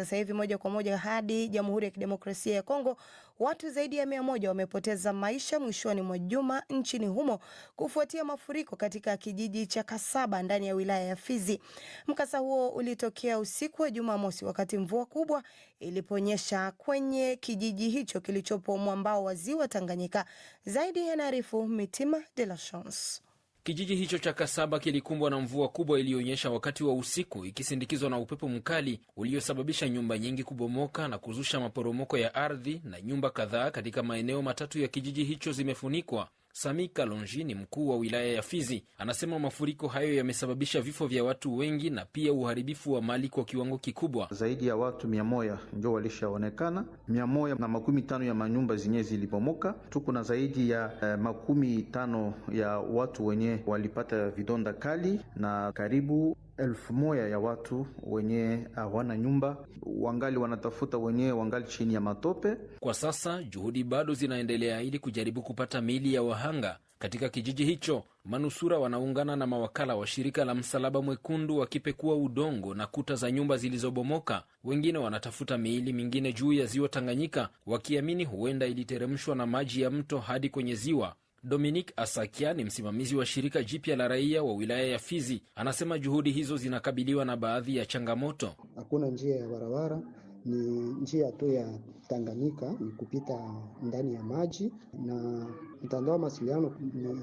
Sasa hivi moja kwa moja hadi Jamhuri ya Kidemokrasia ya Kongo, watu zaidi ya mia moja wamepoteza maisha mwishoni mwa juma nchini humo kufuatia mafuriko katika kijiji cha Kasaba ndani ya wilaya ya Fizi. Mkasa huo ulitokea usiku wa Jumamosi wakati mvua kubwa iliponyesha kwenye kijiji hicho kilichopo mwambao wa Ziwa Tanganyika. Zaidi yanaarifu Mitima de la Chance. Kijiji hicho cha Kasaba kilikumbwa na mvua kubwa iliyoonyesha wakati wa usiku ikisindikizwa na upepo mkali uliosababisha nyumba nyingi kubomoka na kuzusha maporomoko ya ardhi, na nyumba kadhaa katika maeneo matatu ya kijiji hicho zimefunikwa Sami Kalonji ni mkuu wa wilaya ya Fizi, anasema mafuriko hayo yamesababisha vifo vya watu wengi na pia uharibifu wa mali kwa kiwango kikubwa. Zaidi ya watu mia moya ndio walishaonekana, mia moja na makumi tano ya manyumba zenyewe zilibomoka. Tuko na zaidi ya eh, makumi tano ya watu wenye walipata vidonda kali na karibu elfu moja ya watu wenye hawana nyumba, wangali wanatafuta wenyewe, wangali chini ya matope. Kwa sasa juhudi bado zinaendelea ili kujaribu kupata miili ya wahanga katika kijiji hicho. Manusura wanaungana na mawakala wa shirika la Msalaba Mwekundu wakipekua udongo na kuta za nyumba zilizobomoka. Wengine wanatafuta miili mingine juu ya ziwa Tanganyika, wakiamini huenda iliteremshwa na maji ya mto hadi kwenye ziwa. Dominic Asakia ni msimamizi wa shirika jipya la raia wa wilaya ya Fizi. Anasema juhudi hizo zinakabiliwa na baadhi ya changamoto. Hakuna njia ya barabara, ni njia tu ya Tanganyika, ni kupita ndani ya maji, na mtandao wa mawasiliano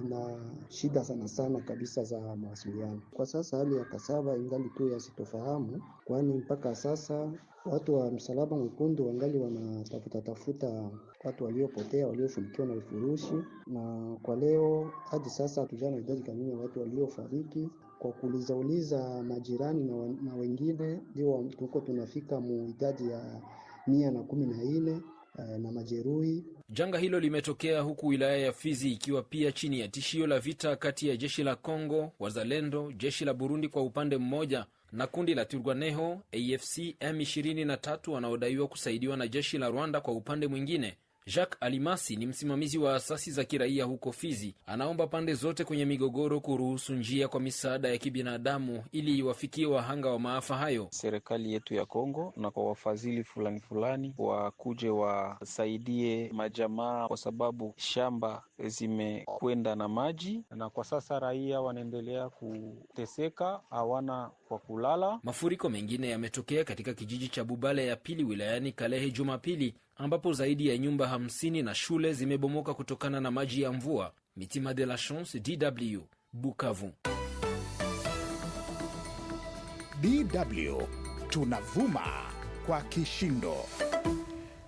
na shida sana sana kabisa za mawasiliano. Kwa sasa hali ya Kasaba ingali tu yasitofahamu, kwani mpaka sasa Watu wa Msalaba Mwekundu wangali wanatafuta tafuta watu waliopotea waliofunikiwa na vifurushi, na kwa leo hadi sasa hatujawa na idadi kamili ya watu waliofariki. Kwa kulizauliza majirani na, na wengine ndio tuko tunafika mu idadi ya mia na kumi na nne eh, na majeruhi Janga hilo limetokea huku wilaya ya Fizi ikiwa pia chini ya tishio la vita kati ya jeshi la congo Wazalendo, jeshi la Burundi kwa upande mmoja na kundi la Turwaneho AFC M23 wanaodaiwa kusaidiwa na jeshi la Rwanda kwa upande mwingine, Jacques Alimasi ni msimamizi wa asasi za kiraia huko Fizi. Anaomba pande zote kwenye migogoro kuruhusu njia kwa misaada ya kibinadamu ili iwafikie wahanga wa maafa hayo. Serikali yetu ya Kongo na kwa wafadhili fulani fulani wakuje wasaidie majamaa, kwa sababu shamba zimekwenda na maji, na kwa sasa raia wanaendelea kuteseka, hawana kwa kulala. Mafuriko mengine yametokea katika kijiji cha Bubale ya pili wilayani Kalehe Jumapili, ambapo zaidi ya nyumba hamsini na shule zimebomoka kutokana na maji ya mvua. Mitima de la Chance, DW Bukavu. DW tunavuma kwa kishindo.